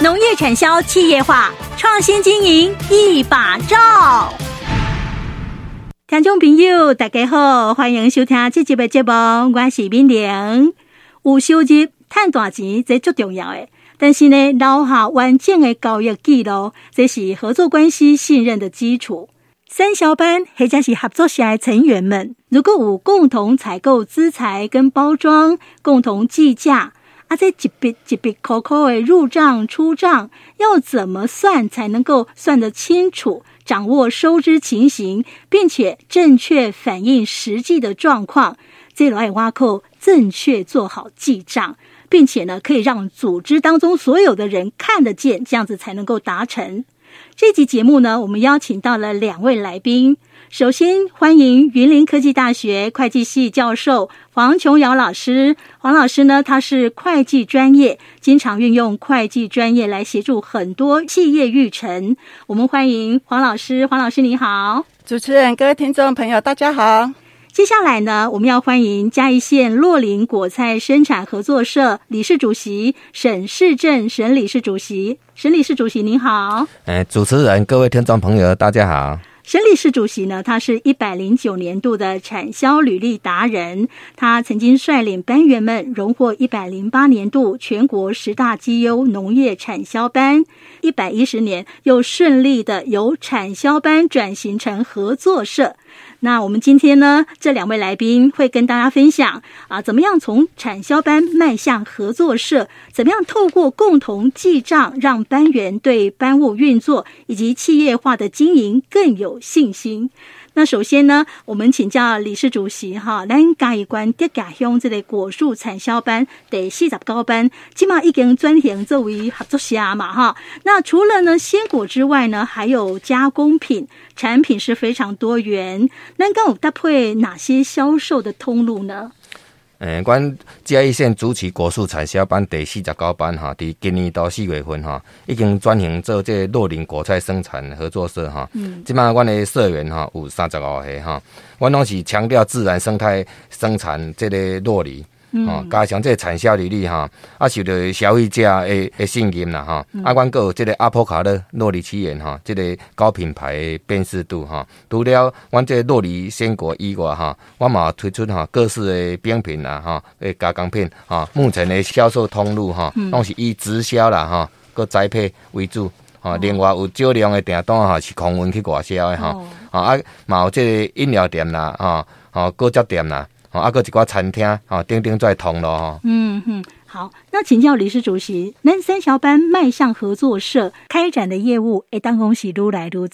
農業產銷企業化，創新經營一把罩。聽眾朋友，大家好，歡迎收聽這集的節目，我是敏玲。有收入、賺大錢，這最重要的。但是呢，留下完整的交易記錄，這是合作關係信任的基礎。產銷班或者是合作社的成員們，如果有共同採購資材跟包裝，共同計價，啊，這一筆一筆扣扣的入賬出賬，要怎麼算才能夠算得清楚，掌握收支情形，並且正確反映實際的狀況，才能挖扣正確做好記賬，並且呢，可以讓組織當中所有的人看得見，這樣子才能夠達成。這集節目呢，我們邀請到了兩位來賓。首先，歡迎雲林科技大學會計系教授黃瓊瑤老師。黃老師呢，他是會計專業，經常運用會計專業來協助很多企業育成。我們歡迎黃老師。黃老師你好。主持人、各位聽眾朋友，大家好。接下來呢，我們要歡迎嘉義縣酪霖果菜生產合作社理事主席沈世政、沈理事主席。沈理事主席您好。哎，主持人，各位聽眾朋友，大家好。沈理事主席呢，他是一百零九年度的產銷履歷達人，他曾經率領班員們榮獲一百零八年度全國十大績優農業產銷班，一百一十年又順利的由產銷班轉型成合作社。那我們今天呢，這兩位來賓會跟大家分享啊，怎麼樣從產銷班邁向合作社，怎麼樣透過共同記賬，讓班員對班務運作以及企業化的經營更有信心。那首先呢，我們請教理事主席哈，咱嘉義縣竹崎鄉這類果樹產銷班第四十九班，今嘛已經轉型作為合作社嘛哈。那除了呢鮮果之外呢，還有加工品產品是非常多元。南跟我搭配哪些銷售的通路呢？誒，阮、欸、嘉義縣竹崎果樹產銷班第四十九班哈，佇今年到四月份哈，已經轉型做這酪霖果菜生產合作社哈。嗯，即擺阮的社員哈有三十五個哈，阮攏是強調自然生態生產這個酪梨。哦，嗯、加上這個產銷利率哈、嗯啊，啊，受着消費者誒誒信任啦哈。啊，阮閣有即個阿波卡勒諾里起源哈，即個高品牌辨識度哈、啊。除了阮即個諾里鮮果以外哈，阮、啊、嘛推出哈、啊、各式誒冰品啦哈，誒、啊、加工品哈、啊。目前誒銷售通路哈，攏、啊嗯、是以直銷啦哈，閣、啊、栽培為主哈。啊哦、另外有少量誒訂單哈是空運去外銷誒哈。啊啊，嘛、啊、有即個飲料店啦哈，哦果汁店啦。阿個幾掛餐廳啊，釘釘在同咯。嗯好，那請教理事主席，那產銷班邁向合作社開展的業務，誒，當然恭喜愈來愈多。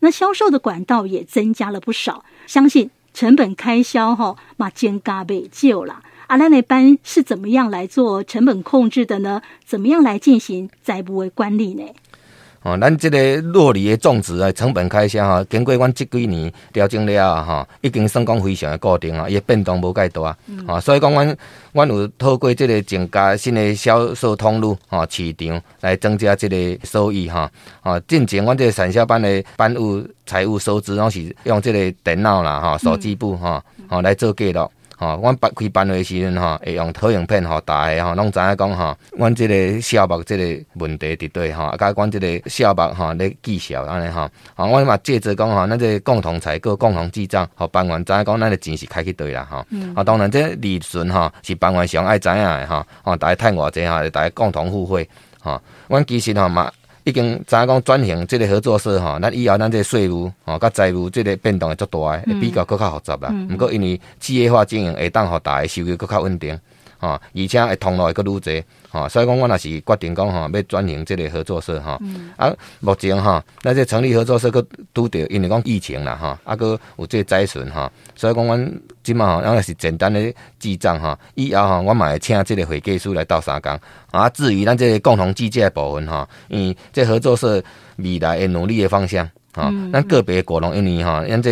那銷售的管道也增加了不少，相信成本開銷哈馬漸加被救了。阿拉那班是怎麼樣來做成本控制的呢？怎麼樣來進行財務管理呢？哦，咱這個酪梨的種植啊，成本開銷哈、啊，經過阮這幾年調整了哈、啊，已經算講非常的固定啊，也變動無介大、嗯、啊。所以講，阮阮有透過這個增加新的銷售通路啊，市場來增加這個收益哈。啊，進前阮這個產銷班的班務財務收支攏是用這個電腦啦哈、啊，手機部哈，哦、嗯啊啊、來做記錄。吼，阮辦開班會時陣吼、啊、會用投影片哈、哦，逐、啊啊、個吼攏知影講吼阮即個小目即個問題佇叨吼啊，甲阮即個小目，吼咧技巧安尼吼啊，阮嘛借着講吼咱即個共同採購、共同記賬幫阮知影講，咱就錢是開去叨啦吼啊，當然即個利潤吼是幫阮上愛知影的吼吼、啊，大家趁偌濟，吼，大家共同付費，吼、啊、阮、啊、其實吼、啊、嘛。已經，知影講轉型，這個合作社吼，咱以後咱這個稅務、吼、甲財務，這個變動會足大，會比較擱較複雜啦。毋、嗯、過因為企業化經營，會當互大誒收入擱較穩定。啊，而且通路閣愈濟，所以講，我也是決定講，哈、啊，要轉型這個合作社，哈、啊嗯。啊，目前成立合作社佫拄到，因為講疫情啦，哈，啊，佮、啊、有災損、啊，所以講，阮即馬哈，我們是簡單的記賬，哈、啊。以後哈、啊，我嘛會請這個會計師來到相共。啊，至於咱這個共同計價部分，哈、啊，這合作社未來嘅努力的方向，哈、啊，咱、嗯啊、個別果農因為哈，因、啊、這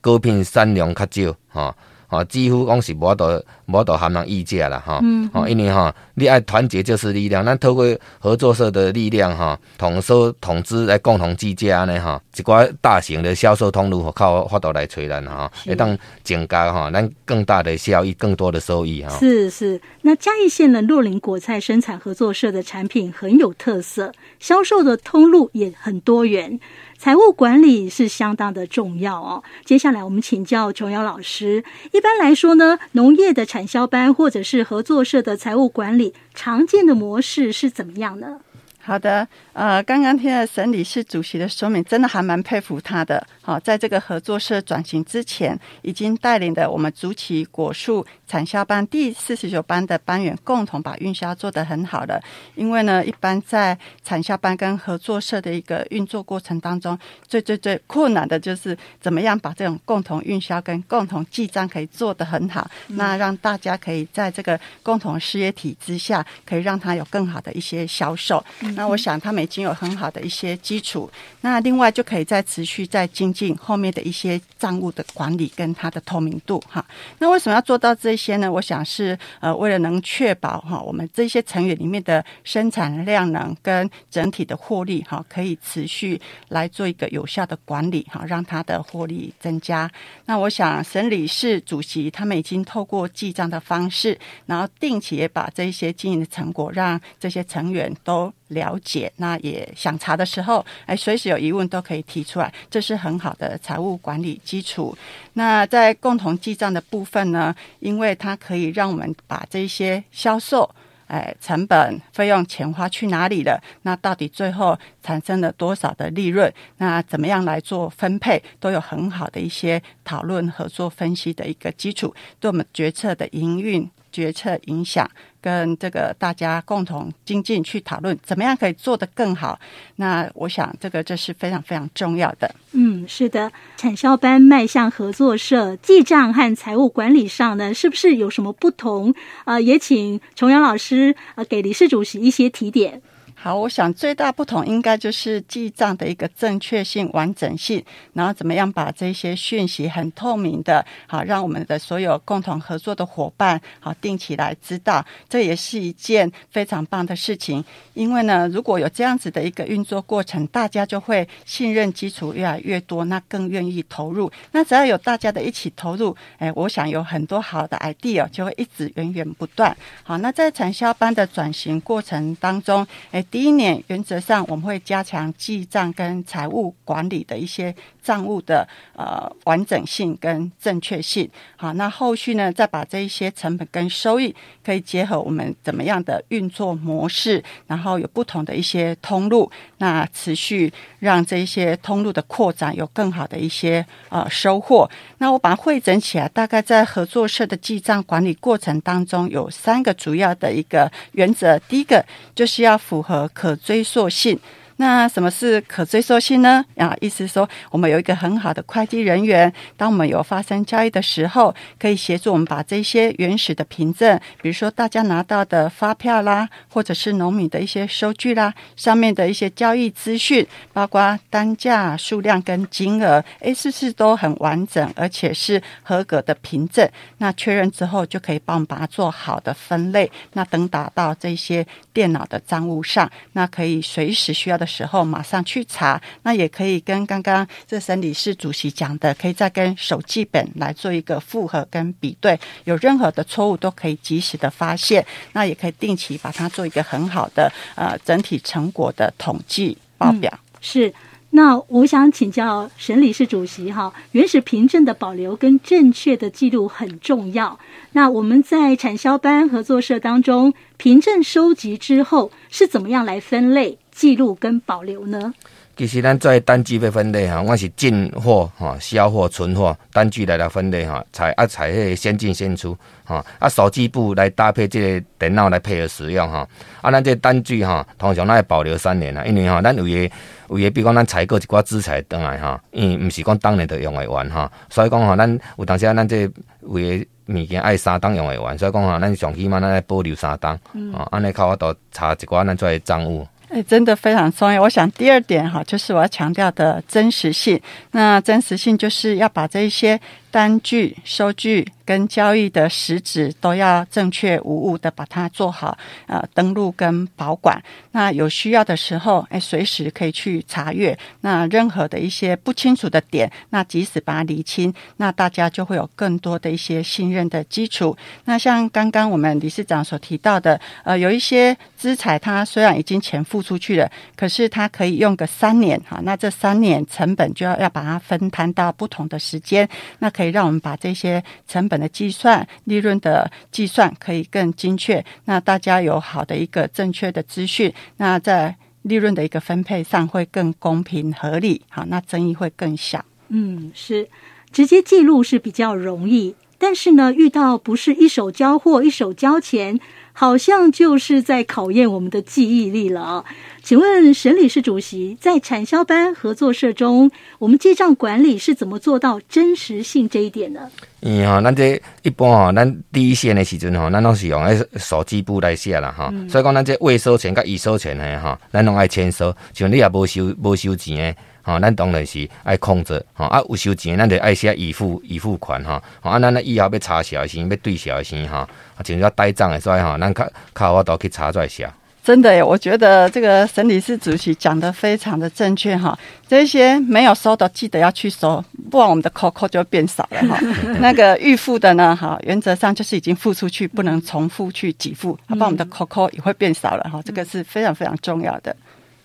各片產量較少，啊啊、幾乎講是無法度。我都含能議價了哈，哦、嗯哼，因為哈，熱愛團結就是力量，那透過合作社的力量哈，統收統支來共同計價呢哈，一寡大型的銷售通路靠發達來催人哈，也當增加哈，咱更大的效益，更多的收益哈。是是，那嘉義縣的酪霖果菜生產合作社的產品很有特色，銷售的通路也很多元，財務管理是相當的重要哦。接下來我們請教瓊瑤老師，一般來說呢，農業的產產銷班或者是合作社的財務管理，常見的模式是怎麼樣呢？好的，呃，剛剛聽了沈理事主席的說明，真的還蠻佩服他的。哦，在這個合作社轉型之前，已經帶領的我們竹崎果樹產銷班第四十九班的班員共同把運銷做得很好了。因為呢，一般在產銷班跟合作社的一個運作過程當中，最最最困難的就是怎麼樣把這種共同運銷跟共同記賬可以做得很好，嗯、那讓大家可以在這個共同事業體之下，可以讓他有更好的一些銷售。嗯、那我想他們已經有很好的一些基礎，那另外就可以再持續在經。後面的一些賬務的管理跟它的透明度哈，那為什麼要做到這些呢？我想是呃，為了能確保哈，我們這些成員裡面的生產量能跟整體的獲利哈，可以持續來做一個有效的管理哈，讓它的獲利增加。那我想沈理事主席他們已經透過記賬的方式，然後定期把這些經營的成果讓這些成員都。了解，那也想查的時候，哎，隨時有疑問都可以提出來，這是很好的財務管理基礎。那在共同記賬的部分呢，因為它可以讓我們把這些銷售、哎，成本、費用、錢花去哪裡了，那到底最後產生了多少的利潤，那怎麼樣來做分配，都有很好的一些討論、合作、分析的一個基礎，對我們決策的營運。決策影響跟這個大家共同精進去討論，怎麼樣可以做得更好？那我想這個這是非常非常重要的。嗯，是的，產銷班邁向合作社，記賬和財務管理上呢，是不是有什麼不同啊、呃？也請瓊瑤老師啊、呃，給理事主席一些提點。好，我想最大不同應該就是記賬的一個正確性、完整性，然後怎麼樣把這些訊息很透明的，好讓我們的所有共同合作的伙伴好定起來知道，這也是一件非常棒的事情。因為呢，如果有這樣子的一個運作過程，大家就會信任基礎越來越多，那更願意投入。那只要有大家的一起投入，誒、哎，我想有很多好的 idea 就會一直源源不斷。好，那在產銷班的轉型過程當中，哎第一年原則上我們會加強記賬跟財務管理的一些賬務的呃完整性、跟正確性。好，那後續呢，再把這一些成本跟收益可以結合我們怎麼樣的運作模式，然後有不同的一些通路，那持續讓這一些通路的擴展有更好的一些呃收穫。那我把它匯整起來，大概在合作社的記賬管理過程當中，有三個主要的一個原則，第一個就是要符合。和可追溯性。那什麼是可追溯性呢？啊，意思說我們有一個很好的會計人員當我們有發生交易的時候，可以協助我們把這些原始的憑證，比如說大家拿到的發票啦，或者是農民的一些收據啦，上面的一些交易資訊，包括單價、數量跟金額，誒，是不是都很完整，而且是合格的憑證？那確認之後就可以幫我們把它做好的分類，那等打到這些電腦的賬務上，那可以隨時需要的。時候馬上去查，那也可以跟剛剛這沈理事主席講的，可以再跟手記本來做一個複核跟比對，有任何的錯誤都可以及時的發現。那也可以定期把它做一個很好的呃整體成果的統計報表。嗯、是。那我想請教沈理事主席哈，原始憑證的保留跟正確的記錄很重要。那我們在產銷班合作社當中，憑證收集之後是怎麼樣來分類？記錄跟保留呢？其實咱做單據費分類哈，我是進貨哈、銷貨、存貨單據來來分類哈，才啊才迄個先進先出哈啊。手機部來搭配這個電腦來配合使用哈啊。咱這個單據哈，通常咱要保留三年啊，因為哈咱有嘢有嘢，比如講咱採購一寡資產轉來哈，嗯，唔是講當年就用來完哈，所以講哈咱有當時啊咱這有嘢物件愛三檔用來完，所以講哈咱上起碼咱要保留三檔啊，安尼靠我都查一寡咱做賬務。哎，真的非常重要。我想第二點哈，就是我要強調的真實性。那真實性就是要把這一些，單據、收據跟交易的實質都要正確無誤的把它做好，呃，登錄跟保管。那有需要的時候，哎、欸，隨時可以去查閱。那任何的一些不清楚的點，那即使把它釐清，那大家就會有更多的一些信任的基礎。那像剛剛我們理事長所提到的，呃，有一些資產，它雖然已經錢付出去了，可是它可以用個三年，哈、啊，那這三年成本就要要把它分攤到不同的時間，那可以讓我們把這些成本的計算、利潤的計算可以更精確。那大家有好的一個正確的資訊，那在利潤的一個分配上會更公平合理。好，那爭議會更小。嗯，是直接記錄是比較容易，但是呢，遇到不是一手交貨，一手交錢。好像就是在考驗我們的記憶力了啊、哦！請問沈理事主席，在產銷班合作社中，我們記賬管理是怎麼做到真實性這一點的？嗯咱這一般，咱第一線的時陣咱攏是用手機簿來寫了哈。所以講，咱這未收錢跟已收錢呢哈，咱攏愛簽收，像你也沒收沒收錢呢哈，咱當然是愛控制哈。啊，有收錢，咱得愛寫已付已付款哈。啊，咱以後要查小錢，要對小錢哈，就要待賬的衰哈。能卡卡我都去查在一下，真的耶，我覺得這個沈理事主席講得非常的正確哈，這些沒有收的記得要去收，不然我們的扣扣就會變少了哈。 那個預付的呢，哈，原則上就是已經付出去，不能重複去給付，不然我們的扣扣也會變少了哈，這個是非常非常重要的。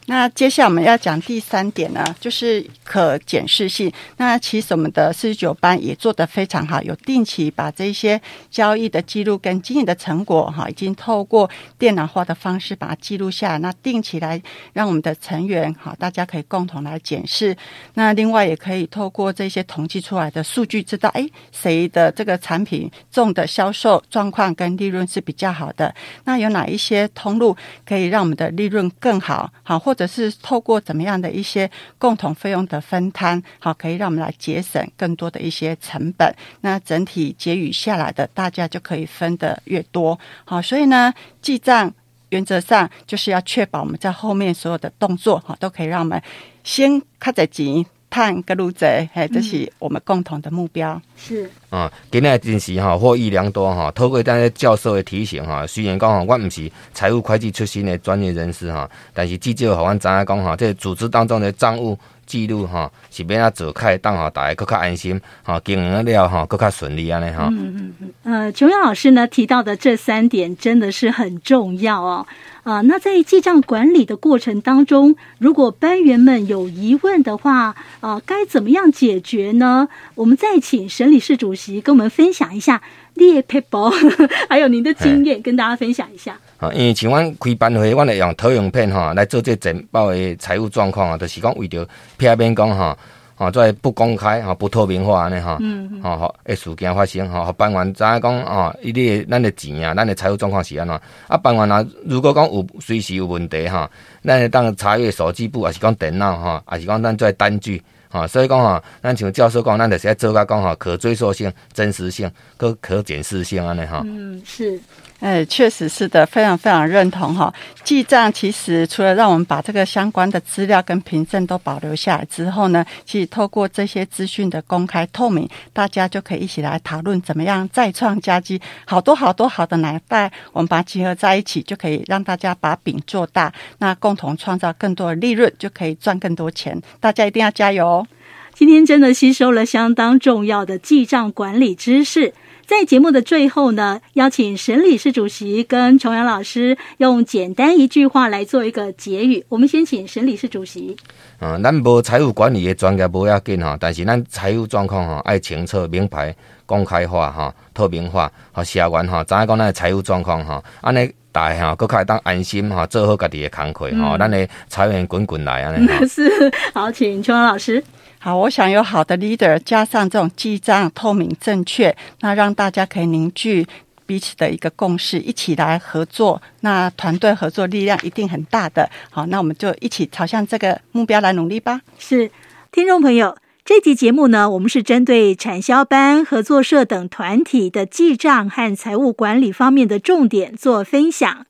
那接下來我們要講第三點呢，就是可檢視性。那其實我們的四十九班也做得非常好，有定期把這些交易的記錄跟經營的成果，哈，已經透過電腦化的方式把它記錄下來，那定期來讓我們的成員，哈，大家可以共同來檢視。那另外也可以透過這些統計出來的數據知道，哎，誰、欸、的這個產品中的銷售狀況跟利潤是比較好的，那有哪一些通路可以讓我們的利潤更好，好或或者是透過怎麼樣的一些共同費用的分攤，好，可以讓我們來節省更多的一些成本。那整體結餘下來的，大家就可以分得越多。好，所以呢，記賬原則上就是要確保我們在後面所有的動作，哈，都可以讓我們先開在錢，探格路子，哎，這是我們共同的目標。嗯，是。啊，今日真是哈、啊、獲益良多哈、啊。透過教授的提醒哈、啊，雖然講哈、啊，我唔是財務會計出身的專業人士哈、啊，但是至少和我知阿講哈，這個、組織當中的賬務記錄哈、啊，是免阿做開當大家佮較安心哈、啊，經營了哈，佮順利安尼哈。嗯嗯嗯。呃，瓊瑤老師呢提到的這三點真的是很重要哦。啊、呃，那在記賬管理的過程當中，如果班員們有疑問的話，啊、呃，該怎麼樣解決呢？我們再請沈理事主席，跟我們分享一下你的薄薄，列 people 還有您的經驗嘿跟大家分享一下啊。因為像我開班會，我咧用投影片哈來做這簡報的財務狀況啊，都、就是講為了避免講哈啊，在不公開哈、不透明化呢哈。嗯嗯。啊哈，事件發生哈，哈辦完再講啊，伊列咱的錢啊，咱的財務狀況是安怎？啊辦完啊，如果講有隨時有問題哈，咱當查閱收支簿還是講電腦哈，還是講咱在單據。啊、所以講、啊、咱像教授講，咱就是要做個講哈，可追溯性、真實性，可、可解釋性安尼哈。啊、嗯，是。哎，確實是的，非常非常認同哈！記賬其實除了讓我們把這個相關的資料跟憑證都保留下來之後呢，其實透過這些資訊的公開透明，大家就可以一起來討論怎麼樣再創佳績。好多好多好的奶帶，我們把它集合在一起，就可以讓大家把餅做大，那共同創造更多的利潤，就可以賺更多錢。大家一定要加油哦！今天真的吸收了相當重要的記賬管理知識。在節目的最後呢，邀請沈理事主席跟瓊瑤老師用簡單一句話來做一個結語。我們先請沈理事主席。嗯，咱無財務管理嘅專業，無要緊哈，但是咱財務狀況哈，愛清冊明牌，公開化哈，透明化，哈，相關哈，怎講咱嘅財務狀況哈，安尼大哈，各開當安心哈，做好家己嘅工課哈，咱嘅財源滾滾來安尼。是，好，請瓊瑤老師。好，我想有好的 leader，加上這種記賬透明正確，那讓大家可以凝聚彼此的一個共識，一起來合作，那團隊合作力量一定很大的。好，那我們就一起朝向這個目標來努力吧。是，聽眾朋友，這集節目呢，我們是針對產銷班合作社等團體的記賬和財務管理方面的重點做分享。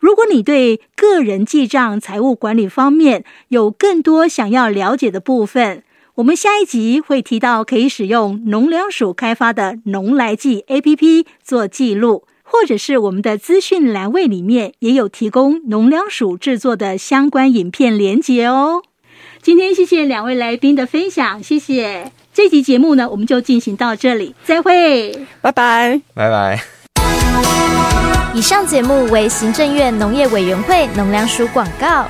如果你對個人記賬財務管理方面有更多想要了解的部分，我們下一集會提到可以使用農糧署開發的“農來記 ”APP 做記錄，或者是我們的資訊欄位裡面也有提供農糧署製作的相關影片連結哦。今天謝謝兩位來賓的分享，謝謝。這集節目呢，我們就進行到這裡，再會，拜拜 bye，拜拜 bye。以上節目為行政院農業委員會農糧署廣告。